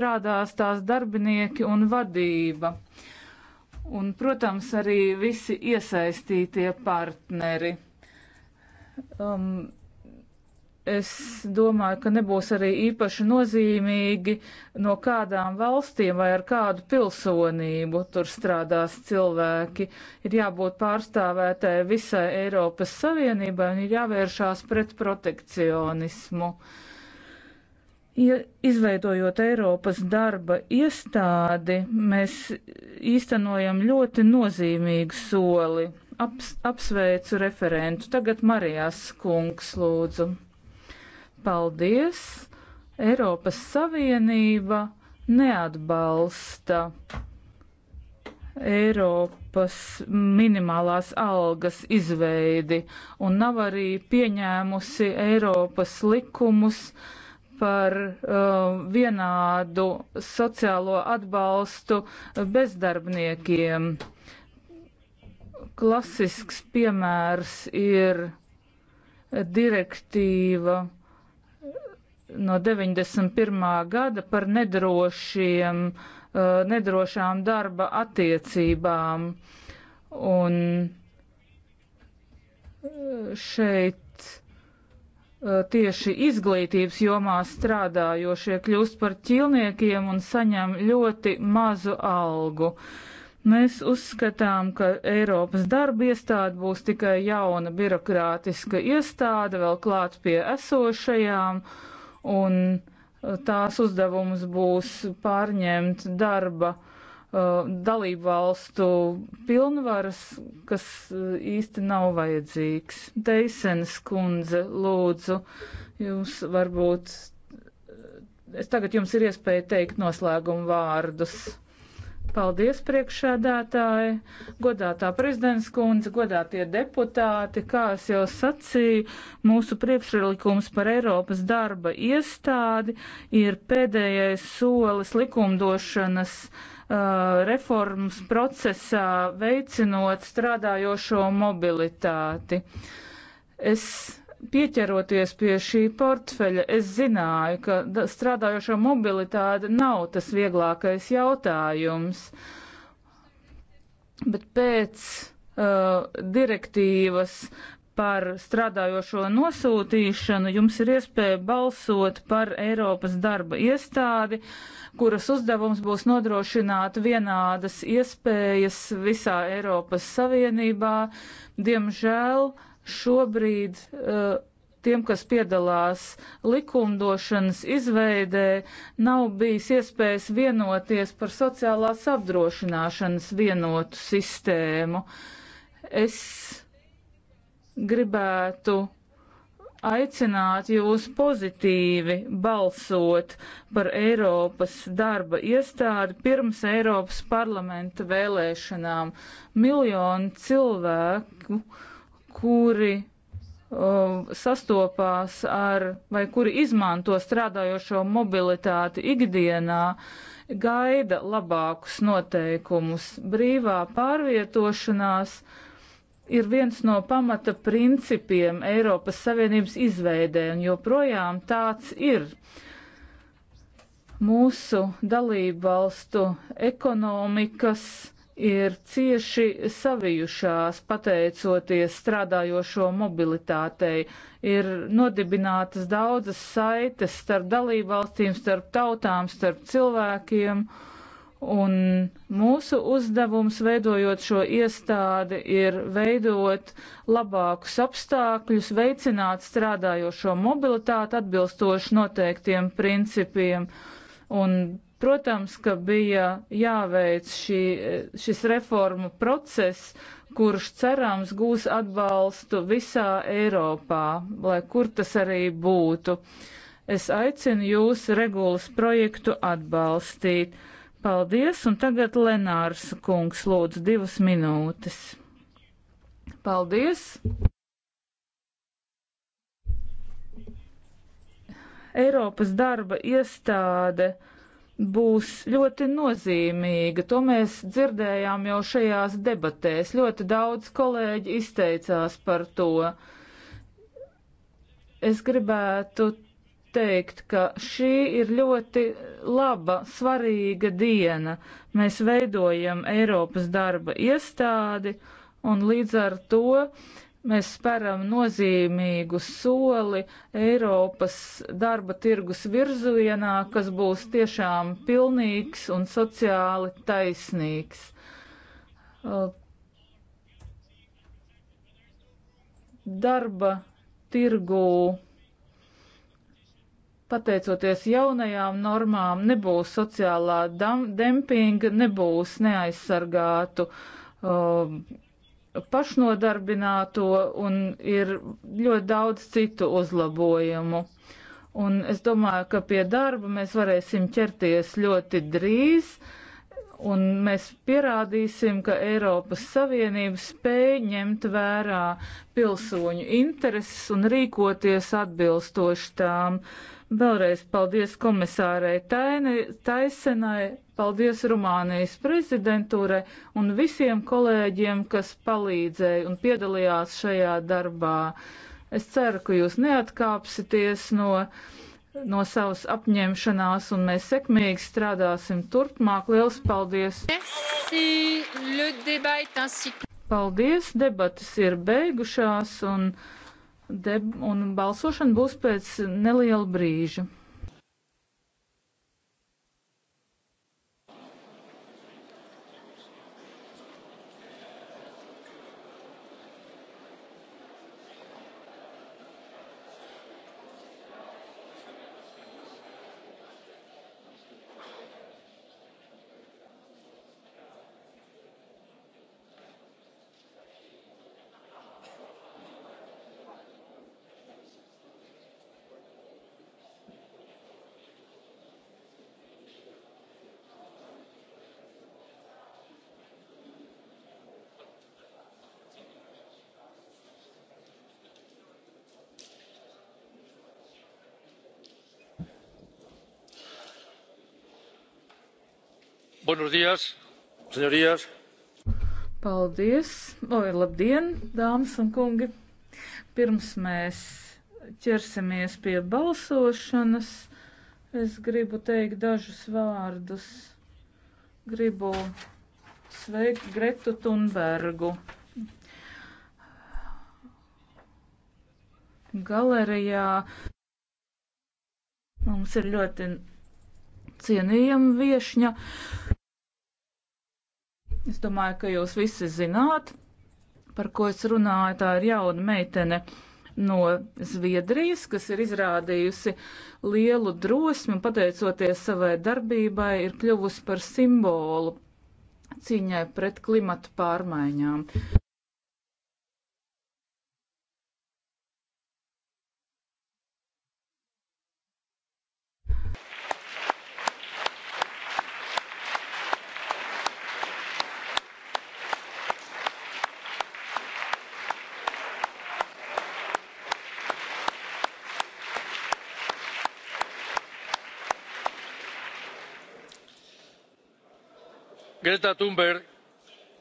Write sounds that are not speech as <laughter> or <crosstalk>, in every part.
strādās tās darbinieki un vadība. Un, protams, arī visi iesaistītie partneri. Um, es domāju, ka nebūs arī īpaši nozīmīgi, no kādām valstīm vai ar kādu pilsonību tur strādās cilvēki. Ir jābūt pārstāvētai visai Eiropas Savienībai un ir jāvēršās pret protekcionismu. Uh, Ja izveidojot Eiropas darba iestādi, mēs īstenojam ļoti nozīmīgu soli. Aps, apsveicu referentu. Tagad Marijas kungs lūdzu. Paldies! Eiropas Savienība neatbalsta Eiropas minimālās algas izveidi un nav arī pieņēmusi Eiropas likumus, uh, par um, vienādu sociālo atbalstu bezdarbniekiem. Klasisks piemērs ir direktīva no 91. gada par nedrošiem, uh, nedrošām darba attiecībām. Un uh, šeit Eh, tieši izglītības jomā strādājošie kļūst par ķīlniekiem un saņem ļoti mazu algu. Mēs uzskatām, ka Eiropas darba iestāde būs tikai jauna birokrātiska iestāde, vēl klāt pie esošajām, un eh, tās uzdevums būs pārņemt darba uh, Uh, dalību valstu pilnvaras, kas uh, īsti nav vajadzīgs. Teisens kundze, lūdzu, jūs varbūt, es tagad jums ir iespēja teikt noslēgumu vārdus. Paldies, priekšsēdētāji, godātā prezidents kundze, godātie deputāti. Kā es jau sacīju, mūsu priekšrelikums par Eiropas darba iestādi ir pēdējais solis likumdošanas Uh, reformas procesā, veicinot strādājošo mobilitāti. Es pieķeroties pie šī portfeļa, es zināju, ka strādājošo mobilitāte nav tas vieglākais jautājums, bet pēc uh, direktīvas par strādājošo nosūtīšanu jums ir iespēja balsot par Eiropas darba iestādi, uh, kuras uzdevums būs nodrošināt vienādas iespējas visā Eiropas Savienībā. Diemžēl šobrīd uh, tiem, kas piedalās likumdošanas izveidē, nav bijis iespējas vienoties par sociālās apdrošināšanas vienotu sistēmu. Es gribētu aicināt jūs pozitīvi balsot par Eiropas darba iestādi pirms Eiropas parlamenta vēlēšanām. Miljonu cilvēku, kuri uh, sastopās ar vai kuri izmanto strādājošo mobilitāti ikdienā, gaida labākus noteikumus. Brīvā pārvietošanās uh, ir viens no pamata principiem Eiropas Savienības izveidē, un joprojām tāds ir. Mūsu dalībvalstu ekonomikas ir cieši savijušās pateicoties strādājošo mobilitātei. Ir nodibinātas daudzas saites starp dalībvalstīm, starp tautām, starp cilvēkiem. Uh, Un mūsu uzdevums veidojot šo iestādi ir veidot labākus apstākļus, veicināt strādājošo mobilitāti atbilstoši noteiktiem principiem. Un, protams, ka bija jāveic šī, šis reformu process, kurš cerams gūs atbalstu visā Eiropā, lai kur tas arī būtu. Es aicinu jūs regulas projektu atbalstīt. Paldies, un tagad Lenārs kungs lūdzu divas minūtes. Paldies! Eiropas darba iestāde būs ļoti nozīmīga. To mēs dzirdējām jau šajās debatēs. Ļoti daudz kolēģi izteicās par to. Es gribētu teikt, ka šī ir ļoti laba, svarīga diena. Mēs veidojam Eiropas darba iestādi un līdz ar to mēs speram nozīmīgu soli Eiropas darba tirgus virzienā, kas būs tiešām pilnīgs un sociāli taisnīgs. Uh, darba tirgū pateicoties jaunajām normām, nebūs sociālā dempinga, nebūs neaizsargātu uh, pašnodarbināto un ir ļoti daudz citu uzlabojumu. Un es domāju, ka pie darba mēs varēsim ķerties ļoti drīz, un mēs pierādīsim, ka Eiropas Savienība spēj ņemt vērā pilsoņu intereses un rīkoties atbilstoši tām. Uh, Vēlreiz paldies komisārei Taisenai, paldies Rumānijas prezidentūrai un visiem kolēģiem, kas palīdzēja un piedalījās šajā darbā. Es ceru, ka jūs neatkāpsieties no, no savas apņemšanās un mēs sekmīgi strādāsim turpmāk. Liels paldies! Paldies, debatas ir beigušās un un balsošana būs pēc neliela brīža. Buenos días, señorías. Paldies! Oi, labdien, dāmas un kungi! Pirms mēs ķersimies pie balsošanas, es gribu teikt dažus vārdus. Gribu sveikt Gretu Tunbergu. Galerijā mums ir ļoti cienījama viešņa. Es domāju, ka jūs visi zināt, par ko es runāju. Tā ir jauna meitene no Zviedrijas, kas ir izrādījusi lielu drosmi un pateicoties savai darbībai ir kļuvusi par simbolu cīņai pret klimatu pārmaiņām. greta thunberg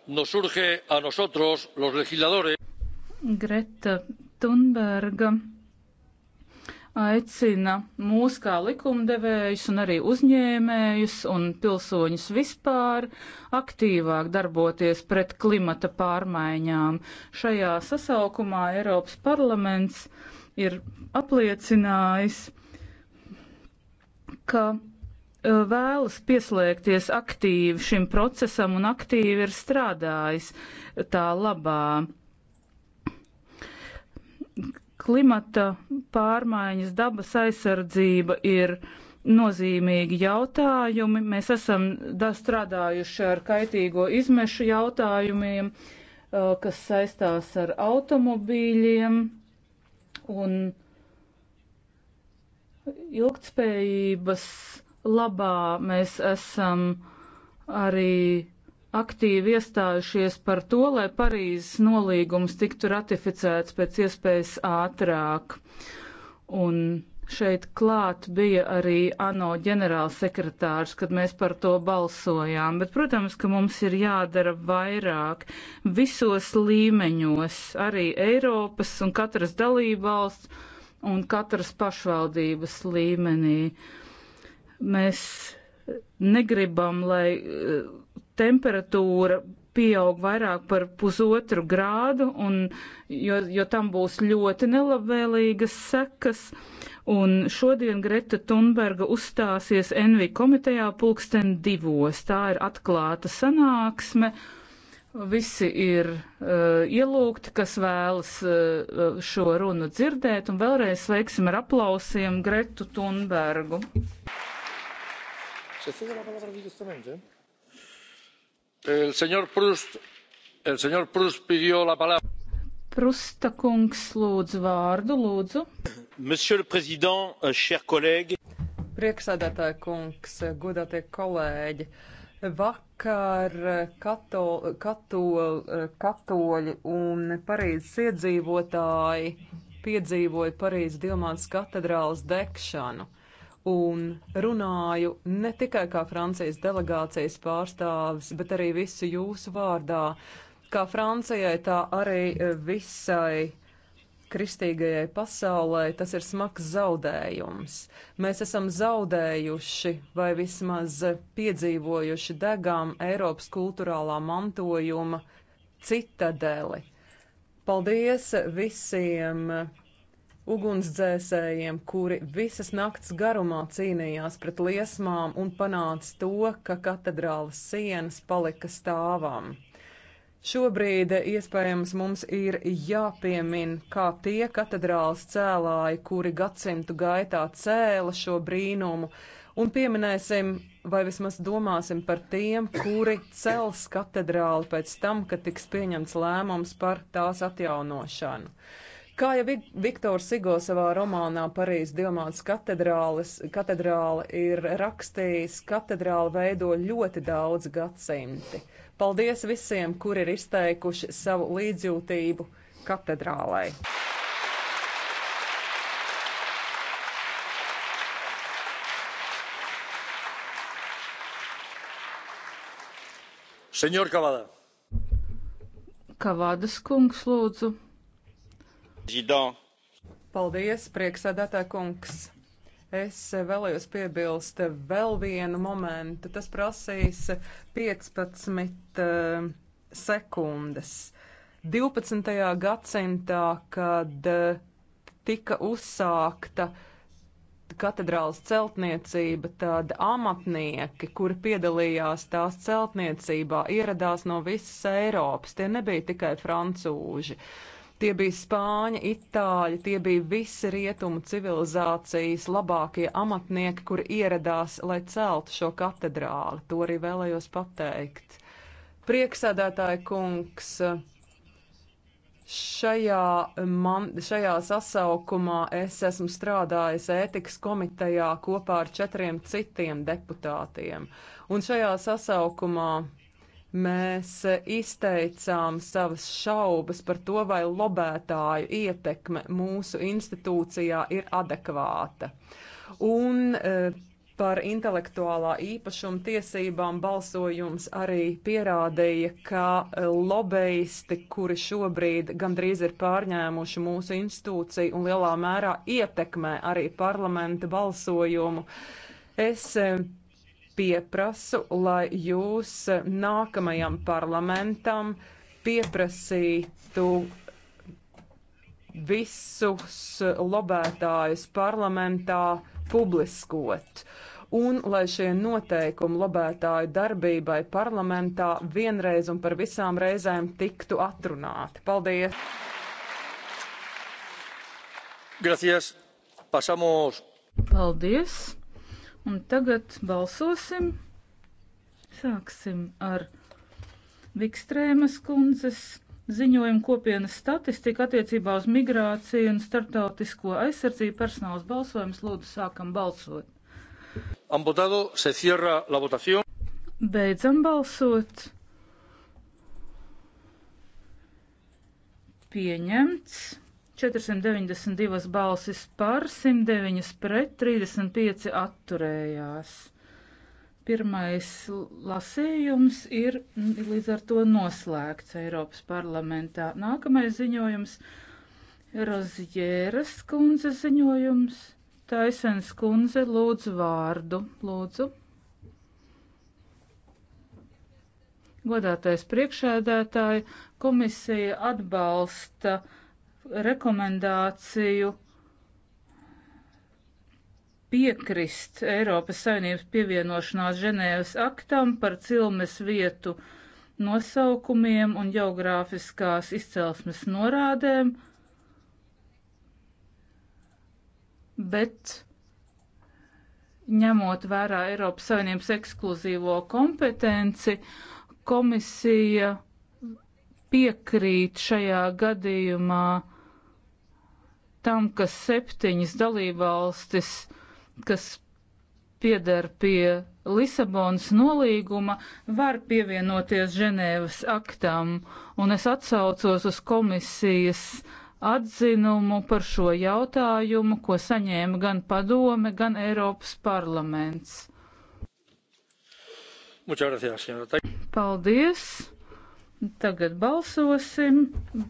nos urge a nosotros los legisladores Greta Thunberga aicina mūs kā likumdevējus un arī uzņēmējus un pilsoņus vispār aktīvāk darboties pret klimata pārmaiņām. Šajā sasaukumā Eiropas parlaments ir apliecinājis, ka vēlas pieslēgties aktīvi šim procesam un aktīvi ir strādājis tā labā. Klimata pārmaiņas, dabas aizsardzība ir nozīmīgi jautājumi. Mēs esam strādājuši ar kaitīgo izmešu jautājumiem, kas saistās ar automobīļiem un ilgtspējības labā mēs esam arī aktīvi iestājušies par to, lai Parīzes nolīgums tiktu ratificēts pēc iespējas ātrāk. Un šeit klāt bija arī ANO ģenerālsekretārs, kad mēs par to balsojām, bet, protams, ka mums ir jādara vairāk visos līmeņos, arī Eiropas un katras dalībvalsts un katras pašvaldības līmenī. Uh, Mēs negribam, lai eh, temperatūra pieaug vairāk par pusotru grādu, un, jo, jo tam būs ļoti nelabvēlīgas sekas. Un šodien Greta Thunberga uzstāsies NV komitejā pulksten divos. Tā ir atklāta sanāksme. Visi ir uh, ielūgti, kas vēlas uh, šo runu dzirdēt, un vēlreiz sveiksim ar aplausiem Gretu Thunbergu. Prusta kungs lūdzu vārdu, lūdzu. Monsieur le Président, euh, chers collègues. Prieksēdētāja kungs, godātie kolēģi. Vakar kato, kato, katoļi un Parīzes iedzīvotāji piedzīvoja Parīzes Dilmānas katedrālas degšanu un runāju ne tikai kā Francijas delegācijas pārstāvis, bet arī visu jūsu vārdā, kā Francijai, tā arī visai kristīgajai pasaulē tas ir smags zaudējums. Mēs esam zaudējuši vai vismaz piedzīvojuši degām Eiropas kultūrālā mantojuma citadeli. Paldies visiem! ugunsdzēsējiem, kuri visas naktas garumā cīnījās pret liesmām un panāca to, ka katedrālas sienas palika stāvām. Šobrīd iespējams mums ir jāpiemin, kā tie katedrālas cēlāji, kuri gadsimtu gaitā cēla šo brīnumu, un pieminēsim, vai vismaz domāsim par tiem, kuri cels katedrāli pēc tam, kad tiks pieņemts lēmums par tās atjaunošanu. Kā jau Viktors Sigo savā romānā Parīzes Diamāns katedrāle ir rakstījis, katedrāle veido ļoti daudz gadsimti. Paldies visiem, kuri ir izteikuši savu līdzjūtību katedrālei. Senjor Kavada. Kavadas kungs, lūdzu. Paldies, prieksēdētā kungs. Es vēlējos piebilst vēl vienu momentu. Tas prasīs 15 uh, eh, sekundes. 12. gadsimtā, kad uh, tika uzsākta katedrālas celtniecība, tad amatnieki, kuri piedalījās tās celtniecībā, ieradās no visas Eiropas. Tie nebija tikai francūži. Uh, Tie bija spāņi, itāļi, tie bija visi rietumu civilizācijas labākie amatnieki, kuri ieradās, lai celtu šo katedrāli. To arī vēlējos pateikt. Prieksēdētāja kungs, šajā, man, šajā sasaukumā es esmu strādājis ētikas komitejā kopā ar četriem citiem deputātiem. Un šajā sasaukumā mēs izteicām savas šaubas par to, vai lobētāju ietekme mūsu institūcijā ir adekvāta. Un e, par intelektuālā īpašuma tiesībām balsojums arī pierādīja, ka lobbyisti, kuri šobrīd gandrīz ir pārņēmuši mūsu institūciju un lielā mērā ietekmē arī parlamenta balsojumu, es e, pieprasu, lai jūs nākamajam parlamentam pieprasītu visus lobētājus parlamentā publiskot. Un lai šie noteikumi lobētāju darbībai parlamentā vienreiz un par visām reizēm tiktu atrunāti. Paldies! Gracias. Pasamos. Paldies! Un tagad balsosim. Sāksim ar Vikstrēmas kundzes ziņojumu kopienas statistika attiecībā uz migrāciju un starptautisko aizsardzību personāls balsojums. Lūdzu, sākam balsot. Ambotado, se cierra la votación. Beidzam balsot. Pieņemts. 492 balsis par, 109 pret, 35 atturējās. Pirmais lasījums ir līdz ar to noslēgts Eiropas parlamentā. Nākamais ziņojums - Rozjēras kundze ziņojums. Taisens kundze lūdzu vārdu. Lūdzu. Godātais priekšēdētāji, komisija atbalsta uh, rekomendāciju piekrist Eiropas Savienības pievienošanās Ženēvas aktam par cilmes vietu nosaukumiem un geogrāfiskās izcelsmes norādēm, bet ņemot vērā Eiropas Savienības ekskluzīvo kompetenci, komisija piekrīt šajā gadījumā tam, ka septiņas dalībvalstis, kas pieder pie Lisabonas nolīguma, var pievienoties Ženēvas aktam, un es atsaucos uz komisijas atzinumu par šo jautājumu, ko saņēma gan padome, gan Eiropas parlaments. Paldies! Tagad balsosim.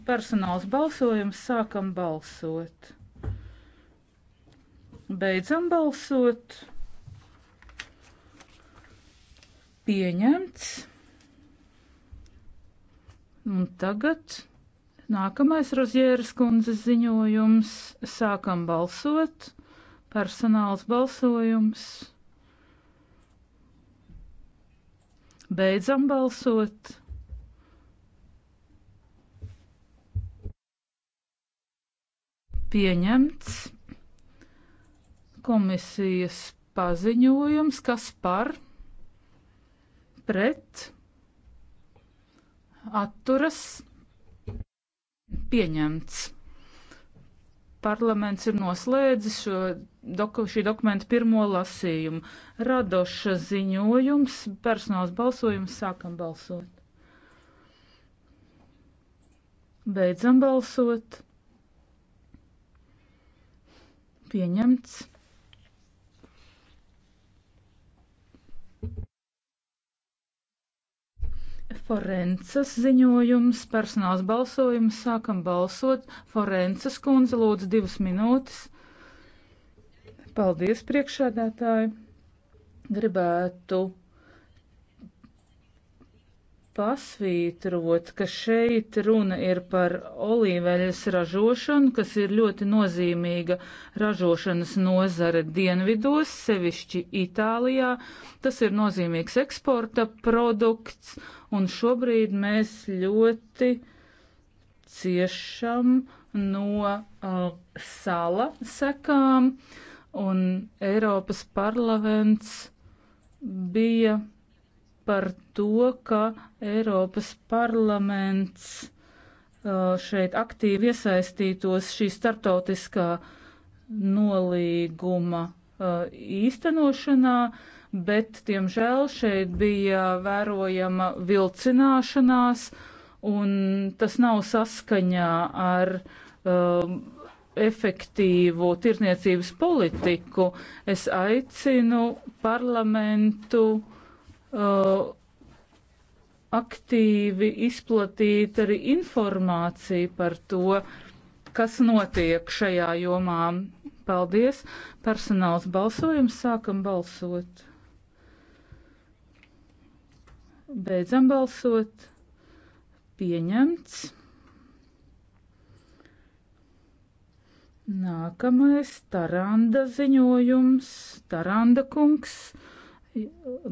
Personāls balsojums. Sākam balsot. Beidzam balsot. Pieņemts. Un tagad nākamais Rozjēras kundzes ziņojums. Sākam balsot. Personāls balsojums. Beidzam balsot. Pieņemts komisijas paziņojums, kas par pret atturas pieņemts. Parlaments ir noslēdzis šo, doku, šī dokumenta pirmo lasījumu. Radoša ziņojums, personāls balsojums, sākam balsot. Beidzam balsot. Pieņemts. Forences ziņojums, personāls balsojums, sākam balsot. Forences kundze lūdzu divas minūtes. Paldies priekšādātāji. Gribētu pasvītrot, ka šeit runa ir par olīveļas ražošanu, kas ir ļoti nozīmīga ražošanas nozare dienvidos, sevišķi Itālijā. Tas ir nozīmīgs eksporta produkts, un šobrīd mēs ļoti ciešam no uh, sala sekām, un Eiropas parlaments bija par to, ka Eiropas parlaments uh, šeit aktīvi iesaistītos šī startautiskā nolīguma uh, īstenošanā, bet, diemžēl, šeit bija vērojama vilcināšanās, un tas nav saskaņā ar um, efektīvu tirniecības politiku. Es aicinu parlamentu uh, uh, aktīvi izplatīt arī informāciju par to, kas notiek šajā jomā. Paldies! Personāls balsojums sākam balsot. Beidzam balsot. Pieņemts. Nākamais Taranda ziņojums. Taranda kungs.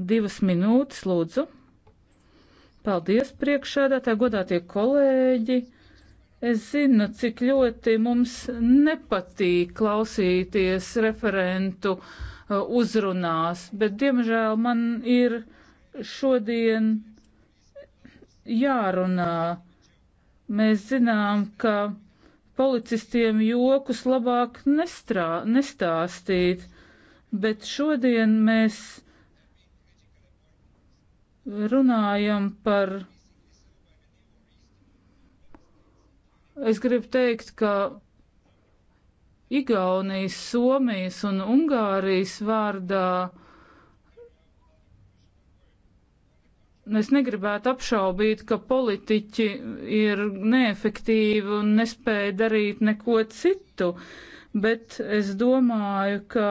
Divas minūtes, lūdzu. Paldies, priekšēdētāji, godātie kolēģi. Es zinu, cik ļoti mums nepatīk klausīties referentu uh, uzrunās, bet diemžēl man ir šodien jārunā. Mēs zinām, ka policistiem jokus labāk nestrā, nestāstīt, bet šodien mēs runājam par. Es gribu teikt, ka Igaunijas, Somijas un Ungārijas vārdā es negribētu apšaubīt, ka politiķi ir neefektīvi un nespēja darīt neko citu, bet es domāju, ka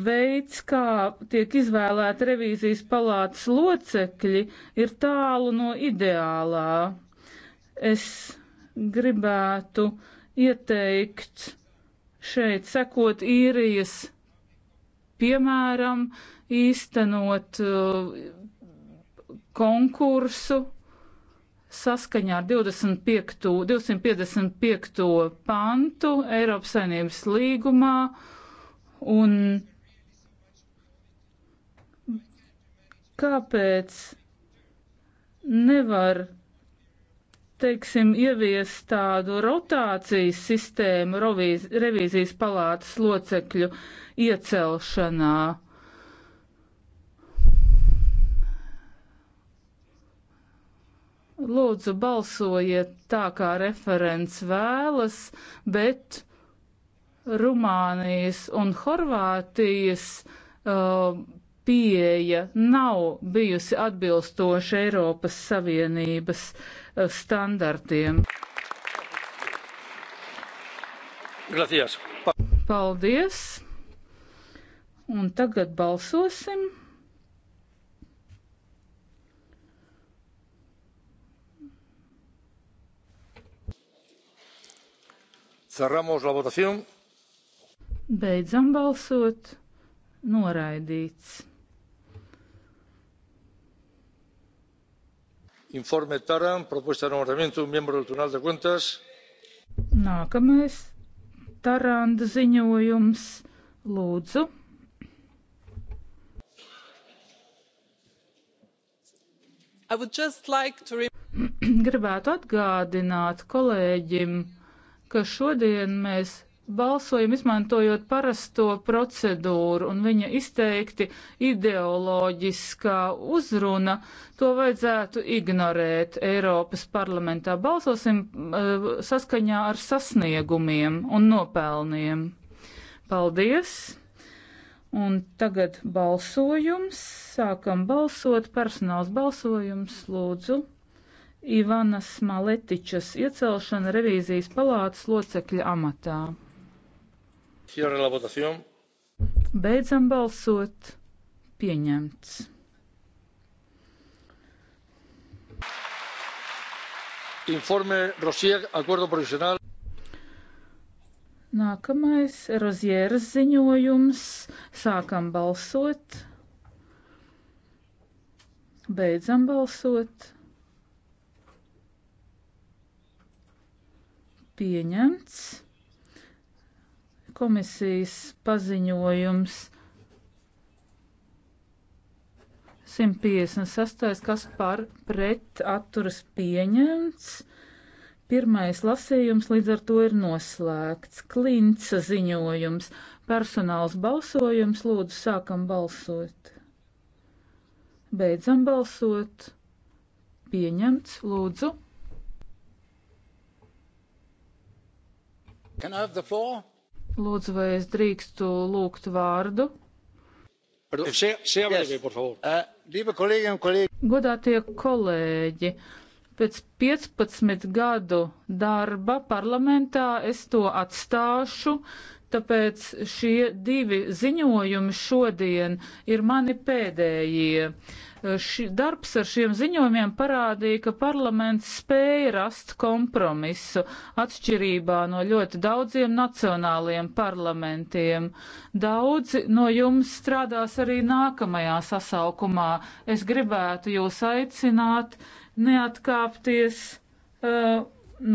veids, kā tiek izvēlēti revīzijas palātas locekļi, ir tālu no ideālā. Es gribētu ieteikt šeit sekot īrijas piemēram, īstenot uh, konkursu saskaņā ar 25, 255. pantu Eiropas saimnības līgumā un Kāpēc nevar, teiksim, ieviest tādu rotācijas sistēmu rovīz, revīzijas palātas locekļu iecelšanā? Lūdzu, balsojiet tā, kā referents vēlas, bet Rumānijas un Horvātijas uh, pieeja nav bijusi atbilstoša Eiropas Savienības eh, standartiem. Gracias. Paldies! Un tagad balsosim. Cerramos la votación. Beidzam balsot. Noraidīts. Informe Taran, propuesta de nombramiento de un miembro del Tribunal de Cuentas. Nākamais Taranda ziņojums. Lūdzu. Like to... <clears throat> Gribētu atgādināt kolēģim, ka šodien mēs balsojumu izmantojot parasto procedūru un viņa izteikti ideoloģiskā uzruna, to vajadzētu ignorēt Eiropas parlamentā. Balsosim eh, saskaņā ar sasniegumiem un nopelniem. Paldies! Un tagad balsojums. Sākam balsot. Personāls balsojums. Lūdzu. Ivanas Maletičas iecelšana revīzijas palātas locekļa amatā. Beidzam balsot. Pieņemts. Informe Rosier, acuerdo provisional. Nākamais - Rozieras ziņojums. Sākam balsot. Beidzam balsot. Pieņemts. Komisijas paziņojums 156. kas par pret atturas pieņemts. Pirmais lasījums līdz ar to ir noslēgts. Klinca ziņojums. Personāls balsojums. Lūdzu, sākam balsot. Beidzam balsot. Pieņemts. Lūdzu. Can I have the floor? Lūdzu, vai es drīkstu lūgt vārdu? Eh, eh, Godātie kolēģi, pēc 15 gadu darba parlamentā es to atstāšu, Tāpēc šie divi ziņojumi šodien ir mani pēdējie. Ši, darbs ar šiem ziņojumiem parādīja, ka parlaments spēja rast kompromisu atšķirībā no ļoti daudziem nacionāliem parlamentiem. Daudzi no jums strādās arī nākamajā sasaukumā. Es gribētu jūs aicināt neatkāpties uh,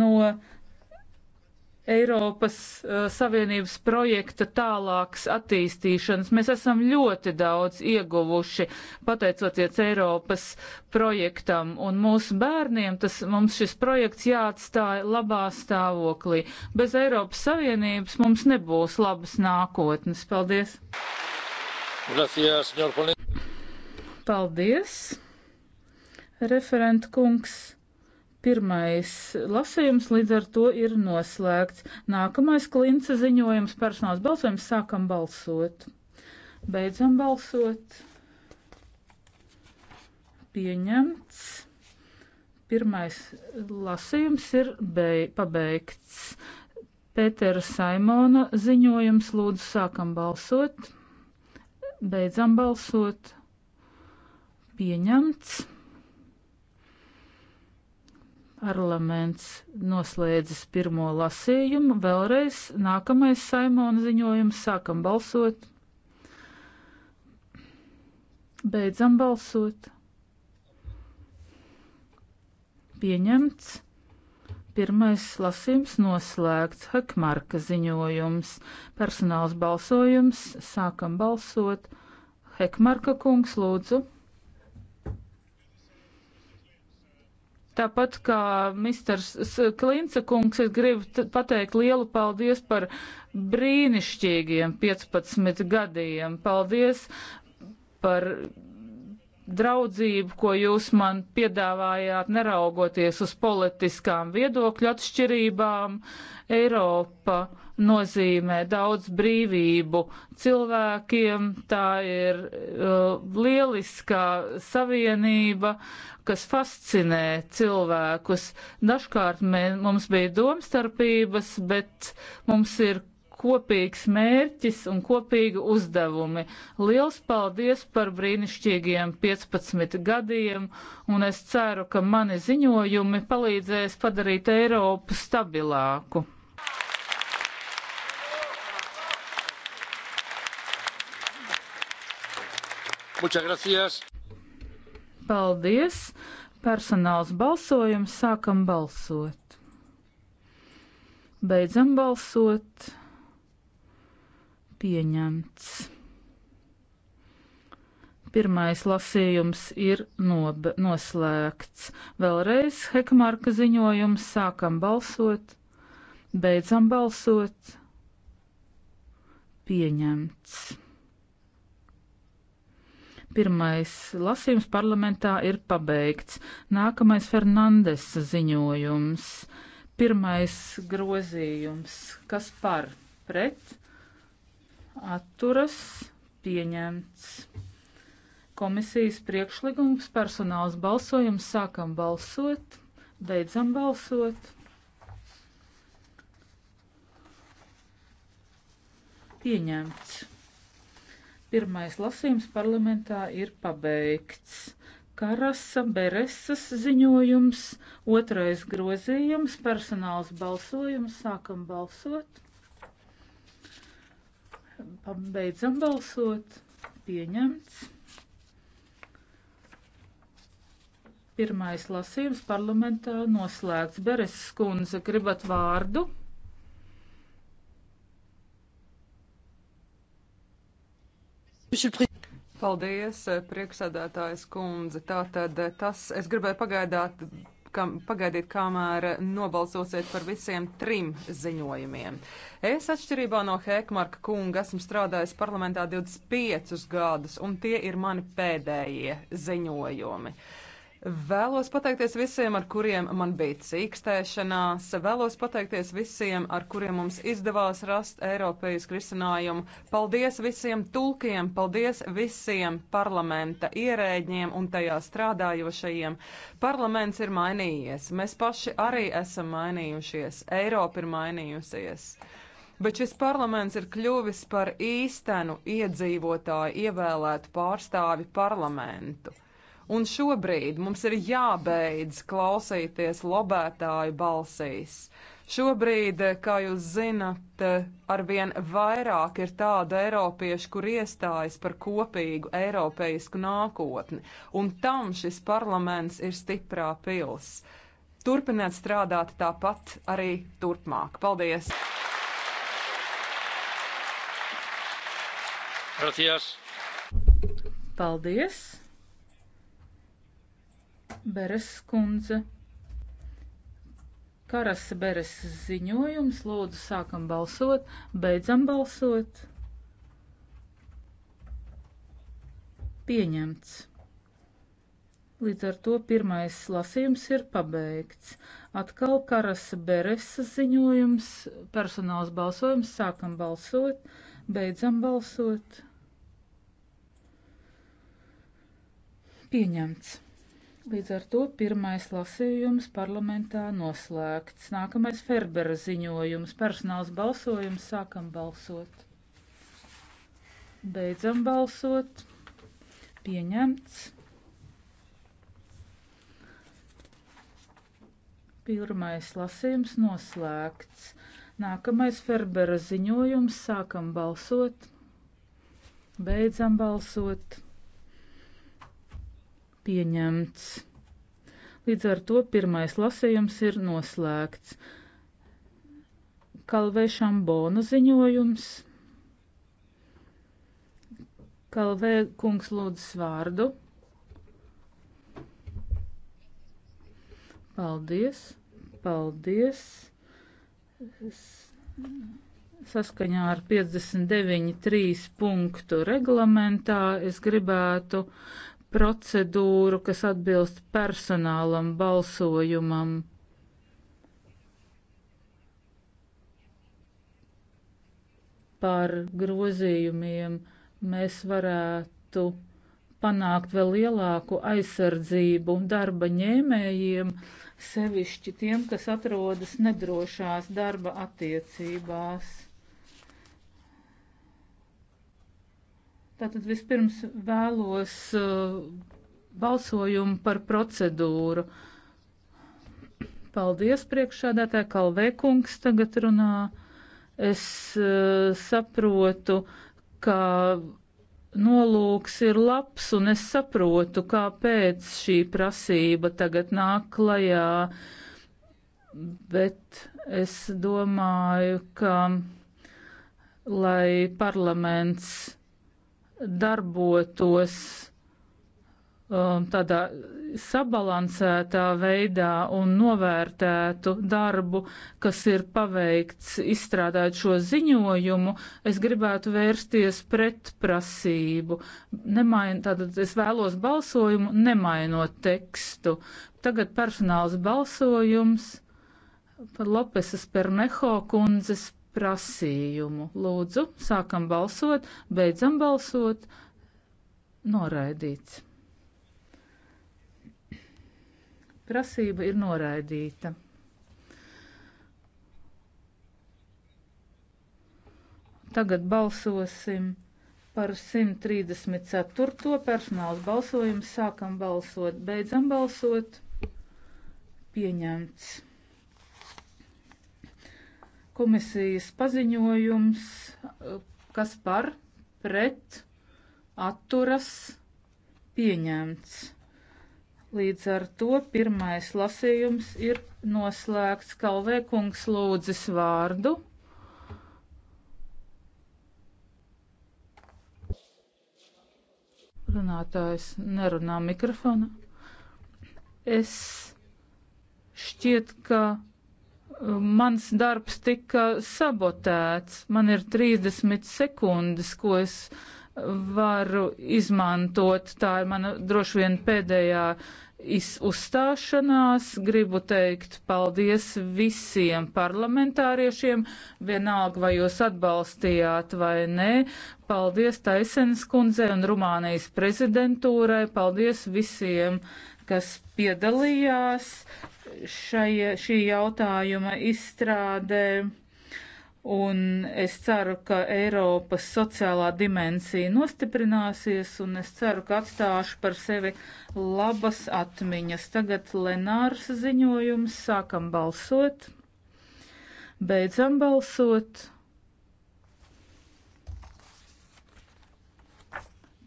no Eiropas uh, Savienības projekta tālākas attīstīšanas. Mēs esam ļoti daudz ieguvuši pateicoties Eiropas projektam, un mūsu bērniem tas, mums šis projekts jāatstāja labā stāvoklī. Bez Eiropas Savienības mums nebūs labas nākotnes. Paldies! Gracias, Paldies, referent kungs! Pirmais lasījums līdz ar to ir noslēgts. Nākamais klinca ziņojums personāls balsojums sākam balsot. Beidzam balsot. Pieņemts. Pirmais lasījums ir bei, pabeigts. Pētera Saimona ziņojums lūdzu sākam balsot. Beidzam balsot. Pieņemts parlaments noslēdzis pirmo lasījumu. Vēlreiz nākamais saimona ziņojums. Sākam balsot. Beidzam balsot. Pieņemts. Pirmais lasījums noslēgts. Hekmarka ziņojums. Personāls balsojums. Sākam balsot. Hekmarka kungs, lūdzu. Tāpat kā Misters Klinca kungs, es gribu pateikt lielu paldies par brīnišķīgiem 15 gadiem. Paldies par draudzību, ko jūs man piedāvājāt, neraugoties uz politiskām viedokļu atšķirībām, Eiropa nozīmē daudz brīvību cilvēkiem. Tā ir uh, lieliskā savienība, kas fascinē cilvēkus. Dažkārt mē, mums bija domstarpības, bet mums ir kopīgs mērķis un kopīgi uzdevumi. Liels paldies par brīnišķīgiem 15 gadiem, un es ceru, ka mani ziņojumi palīdzēs padarīt Eiropu stabilāku. Paldies! Personāls balsojums sākam balsot. Beidzam balsot. Pieņemts. Pirmais lasījums ir noslēgts. Vēlreiz Hekmārka ziņojums sākam balsot, beidzam balsot. Pieņemts. Pirmais lasījums parlamentā ir pabeigts. Nākamais Fernandesa ziņojums. Pirmais grozījums. Kas par? Pret? atturas pieņemts. Komisijas priekšlikums personāls balsojums sākam balsot, beidzam balsot. Pieņemts. Pirmais lasījums parlamentā ir pabeigts. Karasa Beresas ziņojums, otrais grozījums, personāls balsojums, sākam balsot. Pabeidzam balsot. Pieņemts. Pirmais lasījums parlamentā noslēgts. Beres skundze, gribat vārdu? Paldies, prieksēdētājs kundze. Tātad tas, es gribēju pagaidāt kam, pagaidiet, kamēr nobalsosiet par visiem trim ziņojumiem. Es, atšķirībā no Hekmarka kunga, esmu strādājis parlamentā 25 gadus, un tie ir mani pēdējie ziņojumi. Uh, Vēlos pateikties visiem, ar kuriem man bija cīkstēšanās, vēlos pateikties visiem, ar kuriem mums izdevās rast Eiropējas risinājumu. Paldies visiem tulkiem, paldies visiem parlamenta ierēģiem un tajā strādājošajiem. Parlaments ir mainījies, mēs paši arī esam mainījušies, Eiropa ir mainījusies bet šis parlaments ir kļuvis par īstenu iedzīvotāju ievēlētu pārstāvi parlamentu. Un šobrīd mums ir jābeidz klausīties lobētāju balsīs. Šobrīd, kā jūs zinat, arvien vairāk ir tādu eiropiešu, kur iestājas par kopīgu eiropeisku nākotni, un tam šis parlaments ir stiprā pils. Turpiniet strādāt tāpat arī turpmāk. Paldies! Gracias. Paldies! Beres kundze. Karas Beres ziņojums. Lūdzu, sākam balsot, beidzam balsot. Pieņemts. Līdz ar to pirmais lasījums ir pabeigts. Atkal Karas Beres ziņojums, personāls balsojums, sākam balsot, beidzam balsot. Pieņemts. Līdz ar to pirmais lasījums parlamentā noslēgts. Nākamais Ferbera ziņojums. Personāls balsojums. Sākam balsot. Beidzam balsot. Pieņemts. Pirmais lasījums noslēgts. Nākamais Ferbera ziņojums. Sākam balsot. Beidzam balsot pieņemts. Līdz ar to pirmais lasējums ir noslēgts. Kalvēšam Bona ziņojums. Kalvē kungs lūdzu vārdu. Paldies, paldies. Saskaņā ar 59.3 punktu reglamentā es gribētu procedūru, kas atbilst personālam balsojumam. Par grozījumiem mēs varētu panākt vēl lielāku aizsardzību darba ņēmējiem, sevišķi tiem, kas atrodas nedrošās darba attiecībās. Tātad vispirms vēlos uh, balsojumu par procedūru. Paldies priekšādātāji Kalvēkungs tagad runā. Es uh, saprotu, ka nolūks ir labs un es saprotu, kāpēc šī prasība tagad nāk klajā, bet es domāju, ka lai parlaments darbotos um, tādā sabalansētā veidā un novērtētu darbu, kas ir paveikts izstrādājot šo ziņojumu, es gribētu vērsties pret prasību. Nemain, tātad es vēlos balsojumu, nemainot tekstu. Tagad personāls balsojums par Lopesas Perneho kundzes prasījumu. Lūdzu, sākam balsot, beidzam balsot. Noraidīts. Prasība ir noraidīta. Tagad balsosim par 134. personāls balsojumu. Sākam balsot, beidzam balsot. Pieņemts. Komisijas paziņojums, kas par pret atturas pieņemts. Līdz ar to pirmais lasījums ir noslēgts. Kalvē kungs lūdzis vārdu. Runātājs nerunā mikrofona. Es šķiet, ka mans darbs tika sabotēts. Man ir 30 sekundes, ko es varu izmantot. Tā ir mana droši vien pēdējā uzstāšanās. Gribu teikt paldies visiem parlamentāriešiem, vienalga vai jūs atbalstījāt vai nē. Paldies Taisenes kundzei un Rumānijas prezidentūrai. Paldies visiem, kas piedalījās šai, šī jautājuma izstrādē. Un es ceru, ka Eiropas sociālā dimensija nostiprināsies, un es ceru, ka atstāšu par sevi labas atmiņas. Tagad Lenārs ziņojums, sākam balsot, beidzam balsot.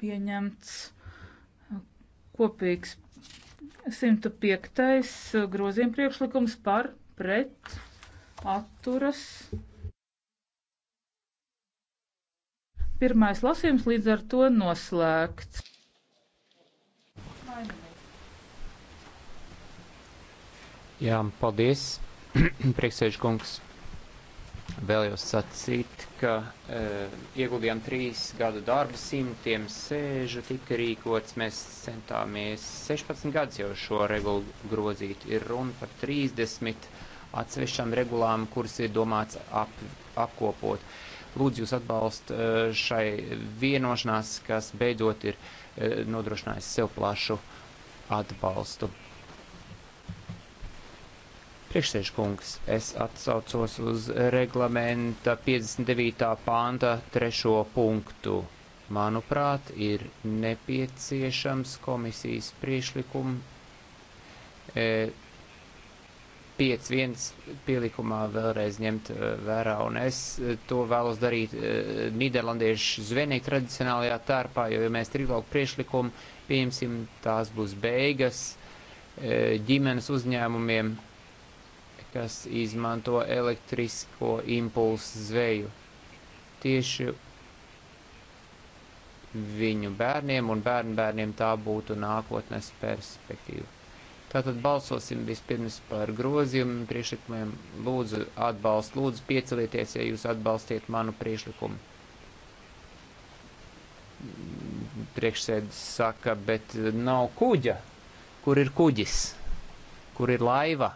Pieņemts kopīgs 105. Uh, grozījuma priekšlikums par pret atturas. Pirmais lasījums līdz ar to noslēgts. Jā, paldies, <clears throat> priekšsēžkungs. Vēlējos sacīt, ka e, ieguldījām trīs gadu darbu, simtiem sēžu tika rīkots, mēs centāmies 16 gadus jau šo regulu grozīt. Ir runa par 30 atsevišķām regulām, kuras ir domāts ap, apkopot. Lūdzu jūs atbalst e, šai vienošanās, kas beidzot ir e, nodrošinājis sev plašu atbalstu. Priekšsēžkungs, es atsaucos uz reglamenta 59. pānta trešo punktu. Manuprāt, ir nepieciešams komisijas priešlikumu e, 5.1 pielikumā vēlreiz ņemt e, vērā, un es e, to vēlos darīt e, Nīderlandiešu zvenīgi tradicionālajā tērpā, jo, ja mēs trilogu priešlikumu pieņemsim, tās būs beigas e, ģimenes uzņēmumiem kas izmanto elektrisko impulsu zveju. Tieši viņu bērniem un bērnbērniem tā būtu nākotnes perspektīva. Tātad balsosim vispirms par grozījumu priekšlikumiem. Lūdzu, atbalst, lūdzu, piecelieties, ja jūs atbalstiet manu priekšlikumu. Priekšsēdis saka, bet nav kuģa. Kur ir kuģis? Kur ir laiva?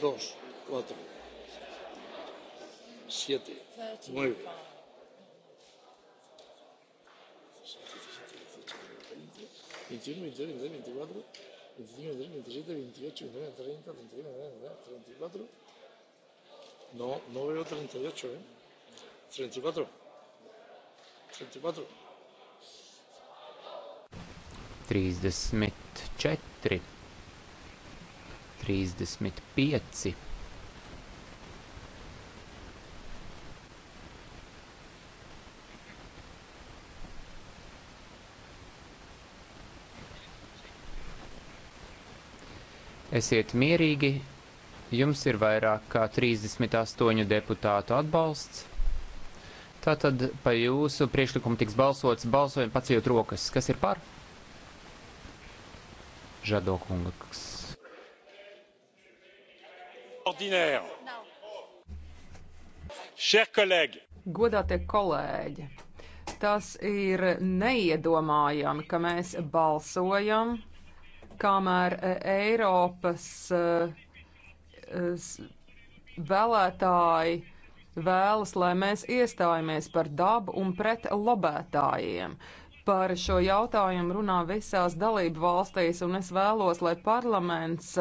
dos cuatro siete nueve veintiuno veintidós veintitrés veinticuatro veinticinco veintiséis veintisiete veintiocho veintinueve treinta treinta y uno treinta y cuatro no no veo treinta y ocho eh treinta y cuatro treinta y cuatro trīsdesmit četri trīsdesmit pieci. Esiet mierīgi, jums ir vairāk kā 38 deputātu atbalsts. Tātad pa jūsu priekšlikumu tiks balsots balsojumi pacījot rokas. Kas ir par? Žadokungs ordinaire. Chers collègues. Godātie kolēģi, tas ir neiedomājami, ka mēs balsojam, kamēr e, Eiropas e, e, vēlētāji vēlas, lai mēs iestājamies par dabu un pret lobētājiem. Par šo jautājumu runā visās dalību valstīs, un es vēlos, lai parlaments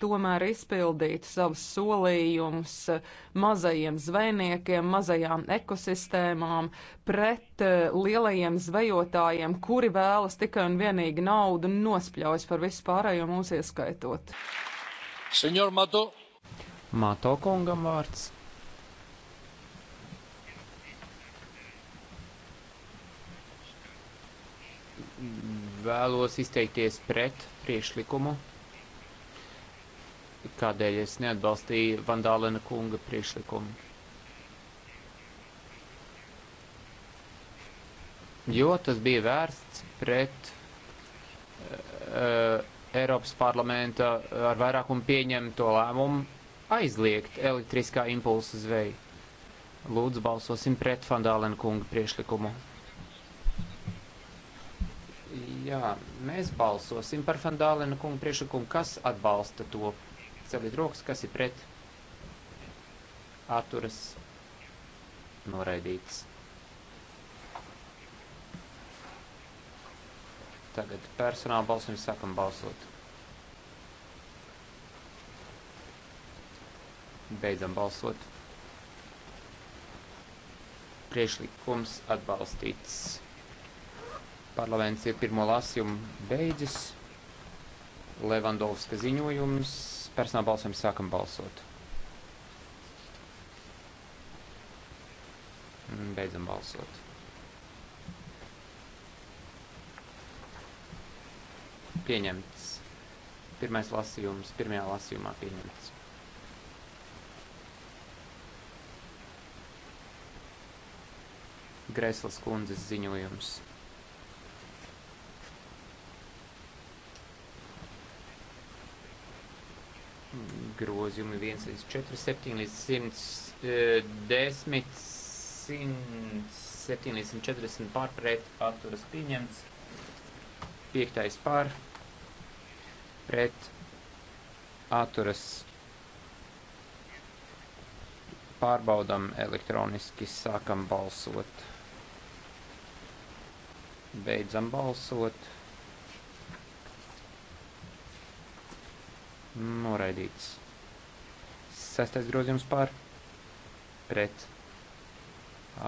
tomēr izpildītu savus solījumus mazajiem zvejniekiem, mazajām ekosistēmām, pret eh, lielajiem zvejotājiem, kuri vēlas tikai un vienīgi naudu un nospļaujas par visu pārējo mūs ieskaitot. Senjor Mato. Mato kungam vārds. Vēlos izteikties pret priekšlikumu kādēļ es neatbalstīju Vandālena kunga priekšlikumu. Jo tas bija vērsts pret uh, Eiropas parlamenta eh, ar vairākumu pieņemto lēmumu aizliegt elektriskā impulsa zveju. Lūdzu, balsosim pret Vandālena kunga priekšlikumu. Jā, mēs balsosim par Vandālena kunga priekšlikumu, kas atbalsta to Celiet rokas, kas ir pret. Atturas. Noraidīts. Tagad personāla balsojums sākam balsot. Beidzam balsot. Priešlikums atbalstīts. Parlaments ir pirmo lasījumu beidzis. Levandovska ziņojums. Personāla balsojums sākam balsot. Beidzam balsot. Pieņemts. Pirmais lasījums, pirmajā lasījumā pieņemts. Greslas kundzes ziņojums. grozījumi 1 līdz 4, 7 līdz 110, 107 e, līdz 140 pār pret atturas pieņemts, 5 pār pret atturas pārbaudam elektroniski, sākam balsot, beidzam balsot. noraidīts. Sestais grozījums par pret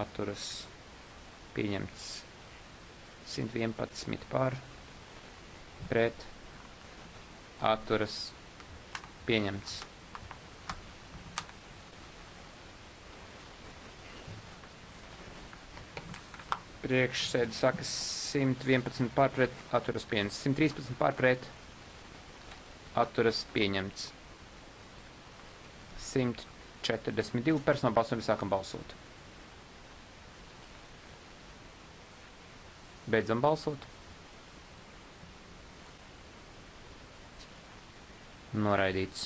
atturas pieņemts 111 par pret atturas pieņemts. Priekšsēdi saka 111 pārpret atturas pieņemts, 113 pārpret atturas pieņemts. 142 personām balsojumi sākam balsot. Beidzam balsot. Noraidīts.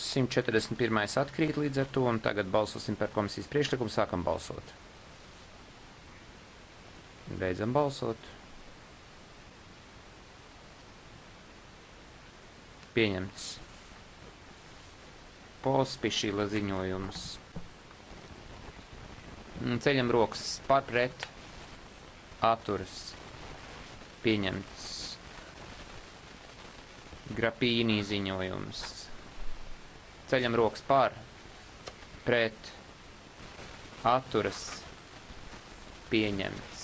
141. atkrīt līdz ar to, un tagad balsosim par komisijas priekšlikumu. Sākam balsot. Beidzam balsot. Pieņemts. Polspišīla ziņojums. Ceļam rokas par pret atturas. Pieņemts. Grapīnī ziņojums. Ceļam rokas par pret atturas. Pieņemts.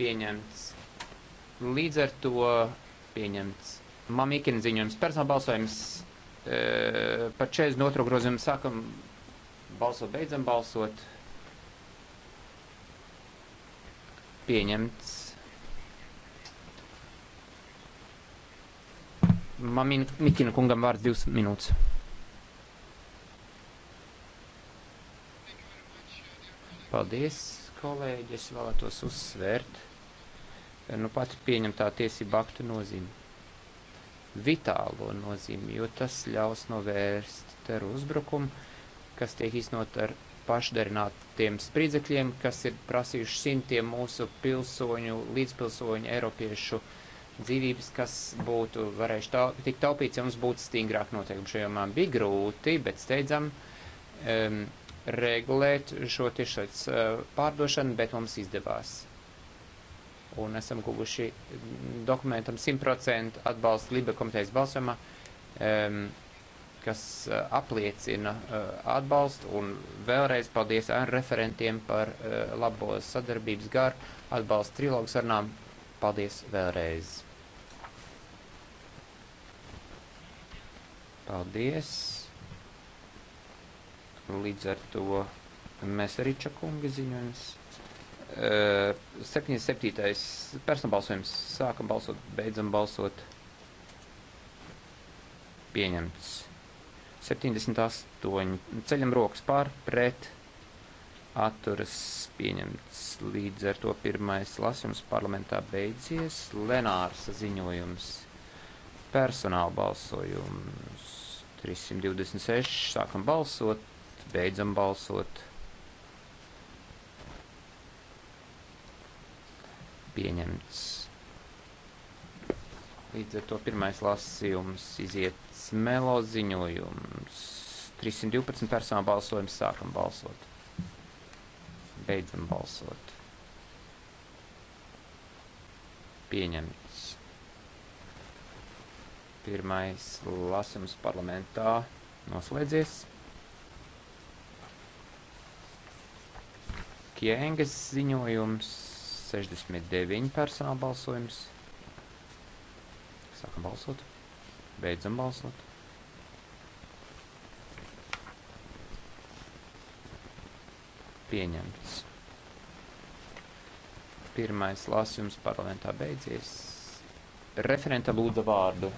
pieņemts. Līdz ar to pieņemts. Mamikina ziņojums personāla balsojums e, par 42. grozījumu sākam balsot, beidzam balsot. Pieņemts. Mamikina kungam vārds divas minūtes. Paldies, kolēģi. Es vēlētos uzsvērt nu pat pieņemtā tiesība aktu nozīmi. Vitālo nozīmi, jo tas ļaus novērst teru uzbrukumu, kas tiek iznot ar pašdarinātiem spridzekļiem, kas ir prasījuši simtiem mūsu pilsoņu, līdzpilsoņu, eiropiešu dzīvības, kas būtu varējuši tau, tik taupīts, ja mums būtu stingrāk noteikumi šajā jomā. Bija grūti, bet steidzam um, regulēt šo tiešsaits uh, eh, pārdošanu, bet mums izdevās un esam guvuši mm, dokumentam 100% atbalstu Libe komitejas balsojumā, um, kas eh, apliecina uh, atbalstu un vēlreiz paldies ar referentiem par uh, labo sadarbības garu, atbalstu trilogu sarunām. Paldies vēlreiz! Paldies! Līdz ar to mēs arī čakunga ziņojums. 77. Eh, personbalsojums. Sākam balsot, beidzam balsot. Pieņemts. 78. Ceļam rokas pār, pret. Atturas pieņemts. Līdz ar to pirmais lasījums parlamentā beidzies. Lenārs ziņojums. Personāla balsojums. 326. Sākam balsot, beidzam balsot pieņemts. Līdz ar to pirmais lasījums iziet smelo ziņojums. 312 personu balsojums sākam balsot. Beidzam balsot. Pieņemts. Pirmais lasījums parlamentā noslēdzies. Kienges ziņojums 69 personāla balsojums. Sākam balsot. Beidzam balsot. Pieņemts. Pirmais lasījums parlamentā beidzies. Referenta lūdza vārdu.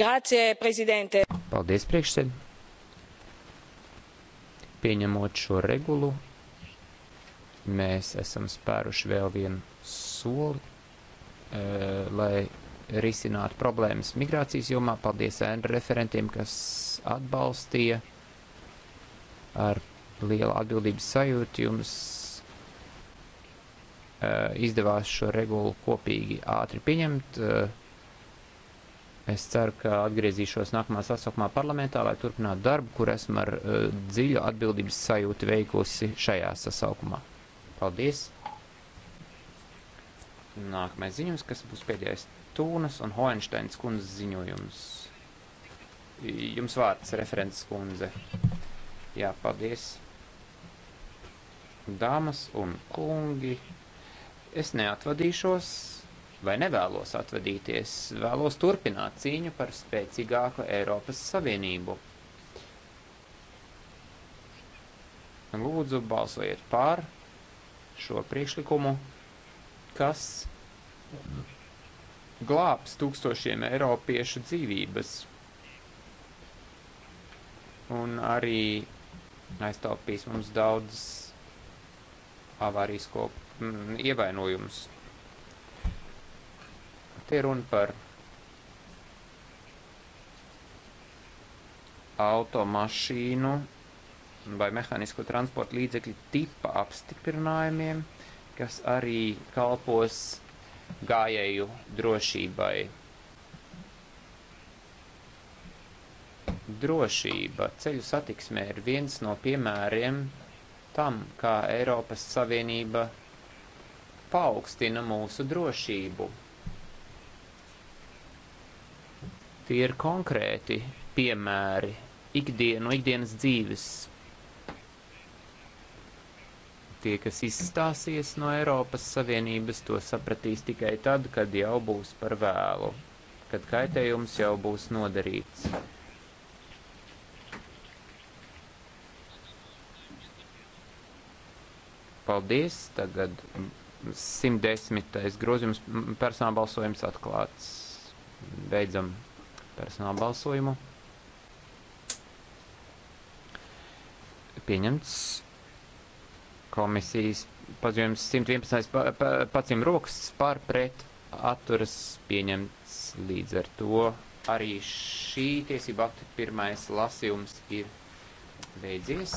Grazie, prezidente. Paldies, priekšsēdētāj. Pieņemot šo regulu, mēs esam spēruši vēl vienu soli, e, lai risinātu problēmas migrācijas jomā. Paldies ēnu referentiem, kas atbalstīja ar lielu atbildības sajūtu jums eh, izdevās šo regulu kopīgi ātri pieņemt. Eh, Es ceru, ka atgriezīšos nākamā sasaukumā parlamentā, lai turpinātu darbu, kur esmu ar uh, dziļu atbildības sajūtu veikusi šajā sasaukumā. Paldies! Nākamais ziņojums, kas būs pēdējais Tūnas un Hoensteins kundzes ziņojums. Jums vārds, referents kundze. Jā, paldies. Dāmas un kungi, es neatvadīšos vai nevēlos atvadīties, vēlos turpināt cīņu par spēcīgāku Eiropas Savienību. Lūdzu, balsojiet pār šo priekšlikumu, kas glābs tūkstošiem eiropiešu dzīvības un arī aiztaupīs mums daudz avārisko mm, ievainojumus. Te runa par automašīnu vai mehānisko transporta līdzekļu tipa apstiprinājumiem, kas arī kalpos gājēju drošībai. Drošība ceļu satiksmē ir viens no piemēriem tam, kā Eiropas Savienība paaugstina mūsu drošību Tie ir konkrēti piemēri ikdienu, ikdienas dzīves. Tie, kas izstāsies no Eiropas Savienības, to sapratīs tikai tad, kad jau būs par vēlu, kad kaitējums jau būs nodarīts. Paldies, tagad 110. grozījums personāla balsojums atklāts. Beidzam personāla balsojumu. Pieņemts komisijas paziņojums 111. Pa, pa, pacim rokas pār pret atturas pieņemts līdz ar to. Arī šī tiesība akta pirmais lasījums ir beidzies.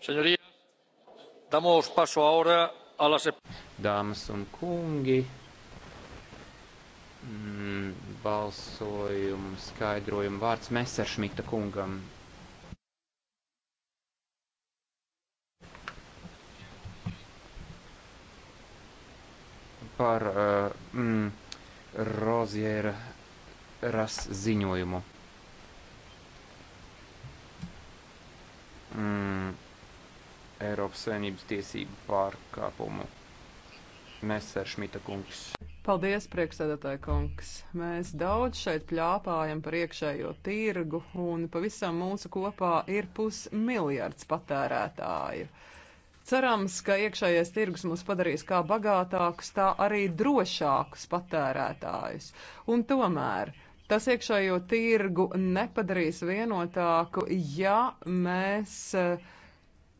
Señorías, damos paso ahora a las. E- Dāmas un kungi, mm, balsojumu skaidrojumu vārds Messeršmita kungam. Par uh, mm, Roziera ras ziņojumu. Eiropas Savienības tiesību pārkāpumu. Messer Šmita kungs. Paldies, priekšsēdētāji kungs. Mēs daudz šeit pļāpājam par iekšējo tirgu un pavisam mūsu kopā ir pusmiljards patērētāju. Cerams, ka iekšējais tirgus mūs padarīs kā bagātākus, tā arī drošākus patērētājus. Un tomēr tas iekšējo tirgu nepadarīs vienotāku, ja mēs uh,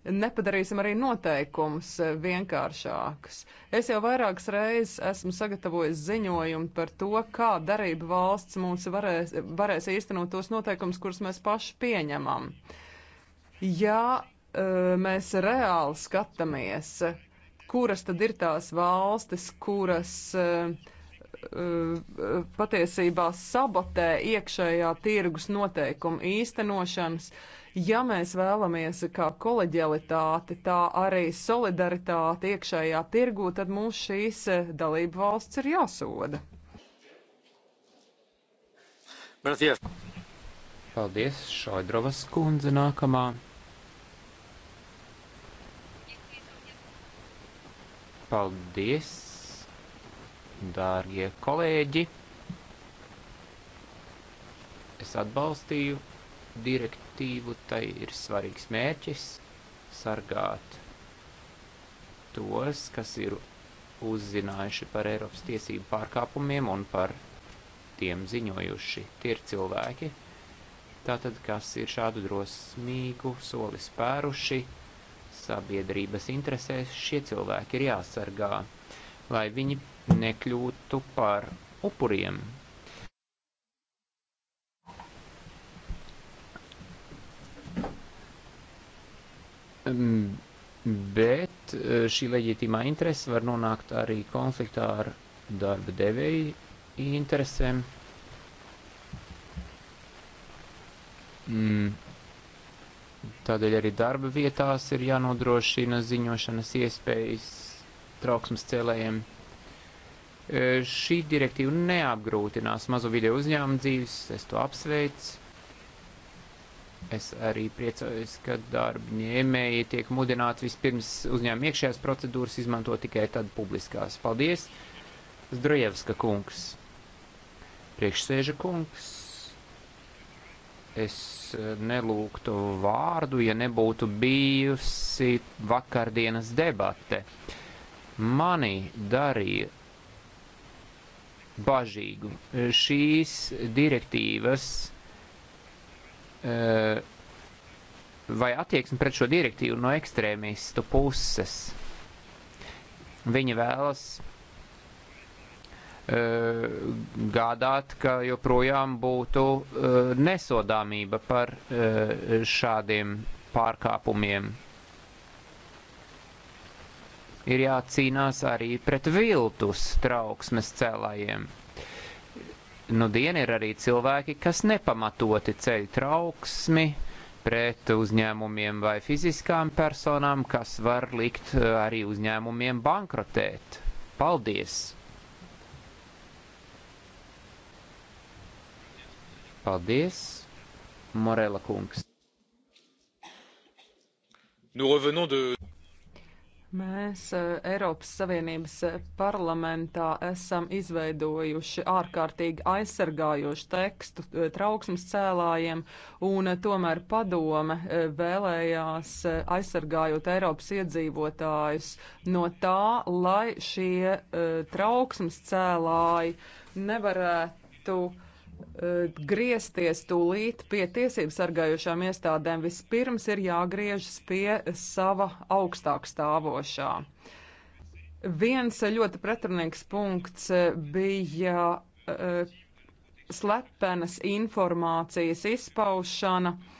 nepadarīsim arī noteikumus eh, vienkāršākus. Es jau vairākas reizes esmu sagatavojis ziņojumu par to, kā darība valsts mūs varēs, varēs īstenot tos noteikumus, kurus mēs paši pieņemam. Ja eh, mēs reāli skatāmies, kuras tad ir tās valstis, kuras eh, patiesībā sabotē iekšējā tirgus noteikumu īstenošanas, uh, Ja mēs vēlamies kā koleģialitāti, tā arī solidaritāti iekšējā tirgū, tad mums šīs eh, dalību valsts ir jāsoda. Gracias. Paldies, Šoidrovas kundze nākamā. Paldies, dārgie kolēģi. Es atbalstīju direktīvu direktīvu, tai ir svarīgs mērķis sargāt tos, kas ir uzzinājuši par Eiropas tiesību pārkāpumiem un par tiem ziņojuši. Tie ir cilvēki, tātad, kas ir šādu drosmīgu soli spēruši sabiedrības interesēs, šie cilvēki ir jāsargā, lai viņi nekļūtu par upuriem bet e, šī leģitīmā interese var nonākt arī konfliktā ar darba devēju interesēm. Tādēļ arī darba vietās ir jānodrošina ziņošanas iespējas trauksmes cēlējiem. E, šī direktīva neapgrūtinās mazo video uzņēmumu dzīves, es to apsveicu Es arī priecājos, ka darba ņēmēji tiek mudināti vispirms uzņēmuma iekšējās procedūras izmanto tikai tad publiskās. Paldies, Zdrojevska kungs. Priekšsēža kungs. Es nelūgtu vārdu, ja nebūtu bijusi vakardienas debate. Mani darīja bažīgu šīs direktīvas Eh, vai attieksmi pret šo direktīvu no ekstrēmistu puses. Viņi vēlas eh, gādāt, ka joprojām būtu eh, nesodāmība par šādiem pārkāpumiem. Ir jācīnās arī pret viltus trauksmes cēlājiem nu dien ir arī cilvēki, kas nepamatoti ceļ trauksmi pret uzņēmumiem vai fiziskām personām, kas var likt eh, arī uzņēmumiem bankrotēt. Paldies! Paldies, Morela kungs! Nous revenons de... Mēs eh, Eiropas Savienības parlamentā esam izveidojuši ārkārtīgi aizsargājošu tekstu eh, trauksmes cēlājiem, un eh, tomēr padome vēlējās aizsargājot Eiropas iedzīvotājus no tā, lai šie trauksmes cēlāji nevarētu Eh, griezties tūlīt pie tiesību sargājušām iestādēm, vispirms ir jāgriežas pie sava augstāk stāvošā. Viens ļoti pretrunīgs punkts eh, bija uh, slepenas informācijas izpaušana uh,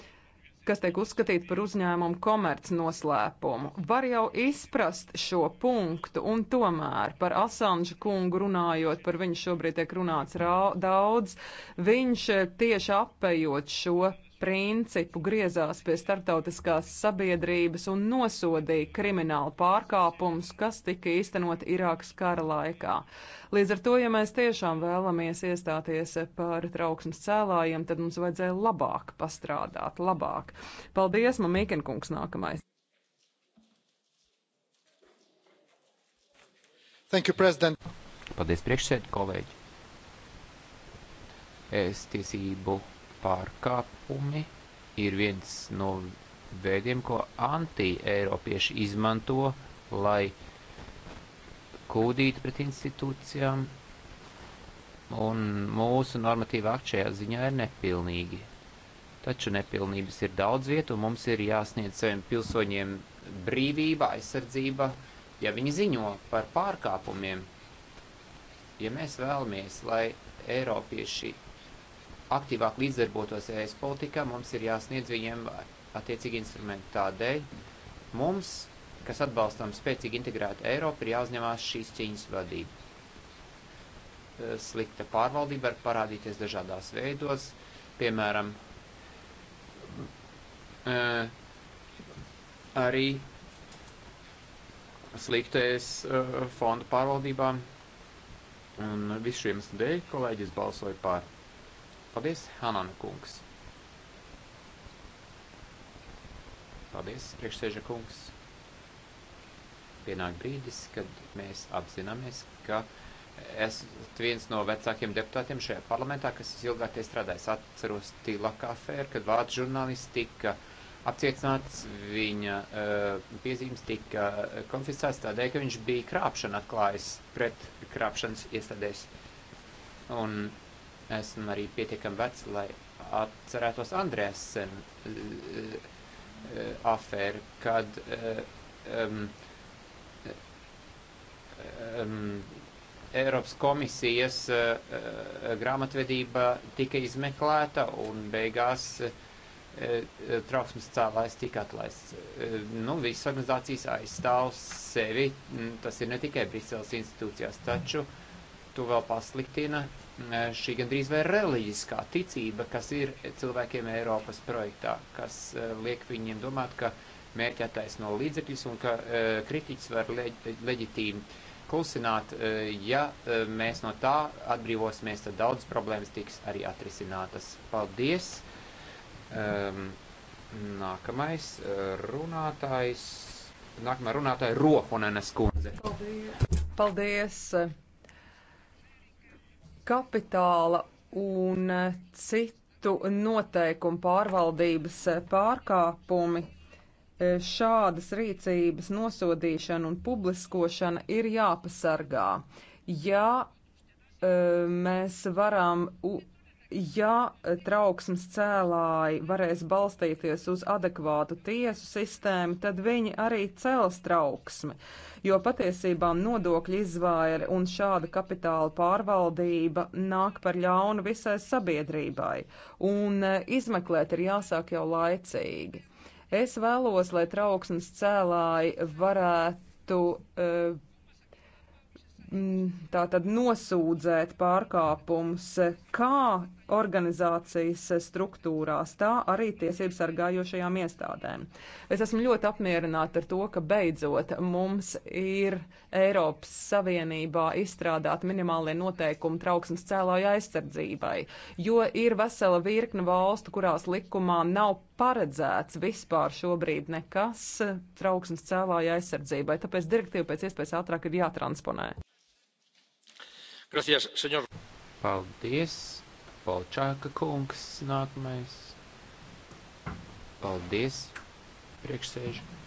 kas tiek uzskatīti par uzņēmumu komercnoslēpumu. Var jau izprast šo punktu, un tomēr par Asanžu kungu runājot, par viņu šobrīd tiek runāts rā, daudz, viņš eh, tieši apējot šo principu griezās pie starptautiskās sabiedrības un nosodīja kriminālu pārkāpumus, kas tika īstenot Irākas kara laikā. Līdz ar to, ja mēs tiešām vēlamies iestāties par trauksmes cēlājiem, tad mums vajadzēja labāk pastrādāt, labāk. Paldies, man Mīkenkungs nākamais. Thank you, President. Paldies, priekšsēdi, kolēģi. Es tiesību pārkāpumi ir viens no veidiem, ko anti-eiropieši izmanto, lai kūdītu pret institūcijām, un mūsu normatīva akti šajā ziņā ir nepilnīgi. Taču nepilnības ir daudz vietu, un mums ir jāsniedz saviem pilsoņiem brīvība, aizsardzība, ja viņi ziņo par pārkāpumiem. Ja mēs vēlamies, lai Eiropieši aktīvāk līdzdarbotos ES politikā, mums ir jāsniedz viņiem attiecīgi instrumenti tādēļ. Mums, kas atbalstam spēcīgi integrētu Eiropu, ir jāuzņemās šīs cīņas vadība. E, slikta pārvaldība var parādīties dažādās veidos, piemēram, e, arī sliktais e, fondu pārvaldībām. Un visu šiem dēļ kolēģis balsoja pār. Paldies, Hanan kungs. Paldies, priekšsēža kungs. Pienāk brīdis, kad mēs apzināmies, ka esat viens no vecākiem deputātiem šajā parlamentā, kas ilgāk te strādājis. Atceros Tīlaka afēru, kad vārds žurnālists tika apcietināts, viņa uh, piezīmes tika eh, konfiscēts tādēļ, ka viņš bija krāpšana atklājis pret krāpšanas iestādēs. Un Esmu arī pietiekami vecs, lai atcerētos Andrēsen eh, eh, afēru, kad um, um, Eiropas komisijas uh, grāmatvedība tika izmeklēta un beigās uh, trauksmes cēlājs tika atlaists. Uh, nu, visas organizācijas aizstāv sevi, mm, tas ir ne tikai Briseles institūcijās, taču to vēl pasliktina Mm, eh, šī gandrīz vai reliģiskā ticība, kas ir cilvēkiem Eiropas projektā, kas eh, liek viņiem domāt, ka mērķētais no līdzekļus un ka eh, kritiķis var leģitīmi klusināt. Ja mēs no tā atbrīvosimies, tad daudz problēmas tiks arī atrisinātas. Paldies! Um, nākamais runātājs, nākamā runātāja Rohonenes kundze. Paldies! Paldies kapitāla un eh, citu noteikumu pārvaldības eh, pārkāpumi. Eh, šādas rīcības nosodīšana un publiskošana ir jāpasargā. Ja mēs varam ja trauksmes cēlāji varēs balstīties uz adekvātu tiesu sistēmu, tad viņi arī cels trauksmi, jo patiesībā nodokļu izvairi un šāda kapitāla pārvaldība nāk par ļaunu visai sabiedrībai, un e, izmeklēt ir jāsāk jau laicīgi. Es vēlos, lai trauksmes cēlāji varētu uh, tā tad nosūdzēt pārkāpumus, kā organizācijas struktūrās, tā arī tiesību sargājošajām iestādēm. Es esmu ļoti apmierināta ar to, ka beidzot mums ir Eiropas Savienībā izstrādāt minimālie noteikumi trauksmes cēlāju aizsardzībai, jo ir vesela virkne valstu, kurās likumā nav paredzēts vispār šobrīd nekas trauksmes cēlāju aizsardzībai, tāpēc direktīva pēc iespējas ātrāk ir jātransponē. Gracias, señor. Paldies. Polčāka kungs nākamais. Paldies, priekšsēžu.